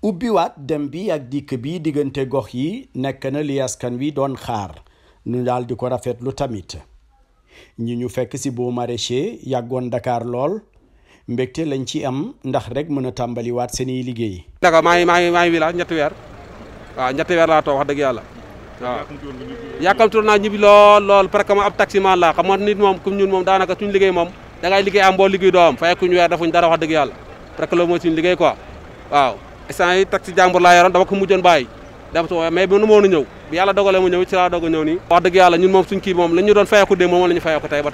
Ubiwat dem bi ak dik bi diggante gox yi nek na li askan wi don xaar ñu dal di ko lu tamit ñi ñu fekk ci bo maraîcher yagon Dakar lol mbekté lañ ci am ndax rek mën a tàmbaliwaat seeni liggéey. Dakar maa may may ngi maa ngi wilaat ñetti weer waaw ñetti weer laa wax deug yalla waaw. yàkkamtuwoon naa ñibbi lol lool parce que ma ab taximan la xam nit mom kum ñun moom daanaka suñu liggéey mom da ngay liggéey am bo liggéey do am wër dafuñ dara wax deug yalla parce que lo mo suñu liggéey quoi waaw. instant yi taxi jàmbur laa yoroon dama ko mujjoon bàyyi dem bi nu moon a ñëw bi yàlla dogalee mu ñëw ci laa doog a ñëw nii wax dëgg yàlla ñun moom suñ kii moom la ñu doon fayeeku démb moom ñu fayeeku tey ba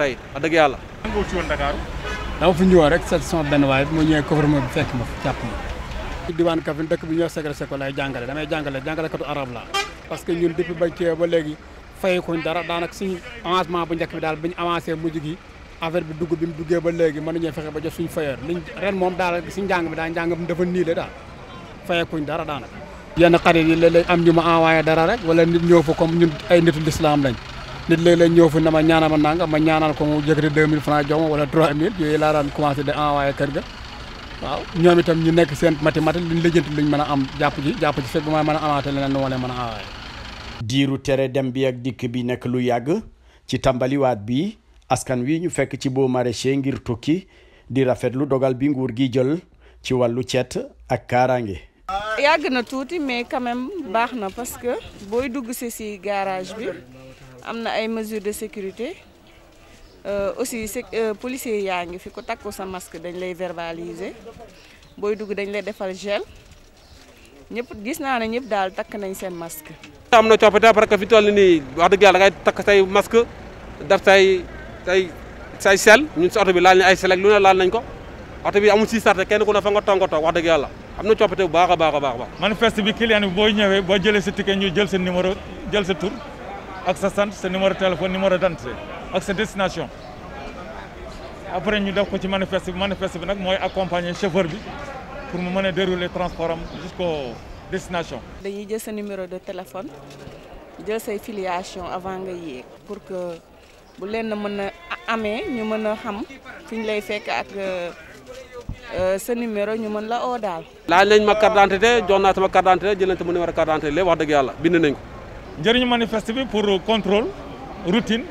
benn waaye bi ma ñëwee couvre-feu bi fekk ma jàpp ma ci diwaan Kaffrine dëkk bi ñoo jàngale damay jàngale jàngalekatu arab la parce que ñun depuis bañ cee ba léegi fayekuñ dara daanaka suñu avancement bu njëkk bi daal bi ñu avancé mujj gi affaire bi dugg bi mu duggee ba léegi mënuñu fexe ba jot suñu fayeer liñ ren moom daal si bi daa njàngam dafa niile daal fayekuñ dara daanaka. yenn xarit yi léeg am ñu ma envoyé dara rek wala nit comme ñun ay nitu lislaam lañ nit léeg-léeg ñëw fa ne ma ñaanal ma nanga ma ñaanal ko mu jëkkati 2000 francs jox ma wala 3000 yooyu laa daan commencé di envoyé kër ga waaw ñoom itam ñu nekk seen matimati luñ lijjanti luñ mën a am jàpp ji jàpp ci fekk bu may mën a amaate leneen lu ma leen mën a envoyé diiru tere dem bi ak dikk bi nekk lu yàgg ci tàmbaliwaat bi askan wi ñu fekk ci boo maraîcher ngir tukki di rafetlu dogal bi nguur gi jël ci wàllu cet ak kaaraange yàgg na tuuti mais quand même baax na parce que booy dugg si si garage bi am na ay mesures de sécurité euh, aussi euh, policier yaa ngi fi ko takku sa masque dañ lay verbaliser booy dugg dañ lay defal gel ñëpp gis naa ne ñëpp daal takk nañ seen masque. am na coppite parce que fi toll nii wax dëgg yàlla da ngay takk say masque daf say say say sel ñun si oto bi laal nañ ay sel ak lu ne laal nañ ko oto bi amul si sarte kenn ku ne fa nga toog nga toog wax dëgg yàlla am na coppite bu baax a baax a baax. manifeste bi client bi boo ñëwee boo jëlee sa ticket ñu jël sa numéro jël sa tur ak sa sant sa numéro téléphone numéro d'identité ak sa destination après ñu def ko ci manifeste bi manifeste bi nag mooy accompagner chauffeur bi pour mu mën a dérouler transport am jusqu'au destination. dañuy jël sa numéro de téléphone jël say filiation avant nga yéeg pour que bu leen mën a amee ñu mën a xam fi ñu lay fekk ak. Euh, Euh, sa numéro ñu mën la oo daal. laaj nañ ma carte d'identité jox naa sama carte d'identité jël nañ sama numéro wax dëgg yàlla bind nañ ko. njëriñu manifeste bi pour contrôle routine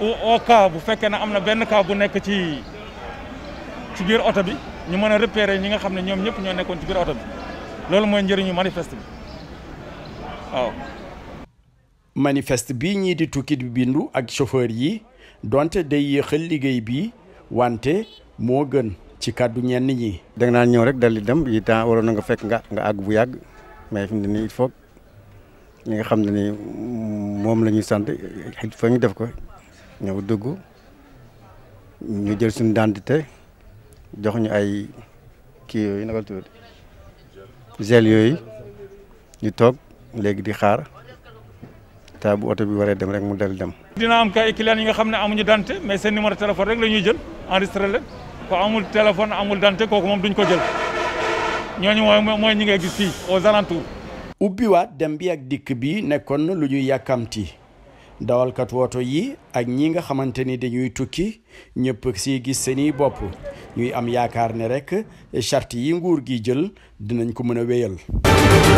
au cas bu fekkee ne am na benn cas bu nekk ci ci biir oto bi ñu mën a repérer ñi nga xam ne ñoom ñëpp ñoo nekkoon ci biir oto bi loolu mooy njëriñu manifeste bi waaw. bi ñii di tukki bindu ak chauffeur yi donte day yéexal liggéey bi wante moo gën. ci kàddu ñenn ñi. da naa ñëw rek dal di dem yi temps waroon na nga fekk nga nga àgg bu yàgg mais fi mu ne nii xam ne ni moom la sant il faut ñu def ko ñëw dugg ñu jël suñu dentité jox ñu ay kii yooyu naka la tudd yooyu ñu toog léegi di xaar ta bu oto bi waree dem rek mu dal dem. dina am kay client yi nga xam ne amuñu dentité mais seen numéro téléphone rek la ñuy jël enregistré leen. ko amul téléphone amul dante kooku moom duñ ko jël ñooñu mooy mooy ñi ngay gis fii aux alentours. ubbiwaat dem bi ak dikk bi nekkoon lu ñuy yàkkamti dawalkat woto yi ak ñi nga xamante ni dañuy tukki ñëpp si gis seeni bopp ñuy am yaakaar ne rekk charte yi nguur gi jël dinañ ko mën a wéyal.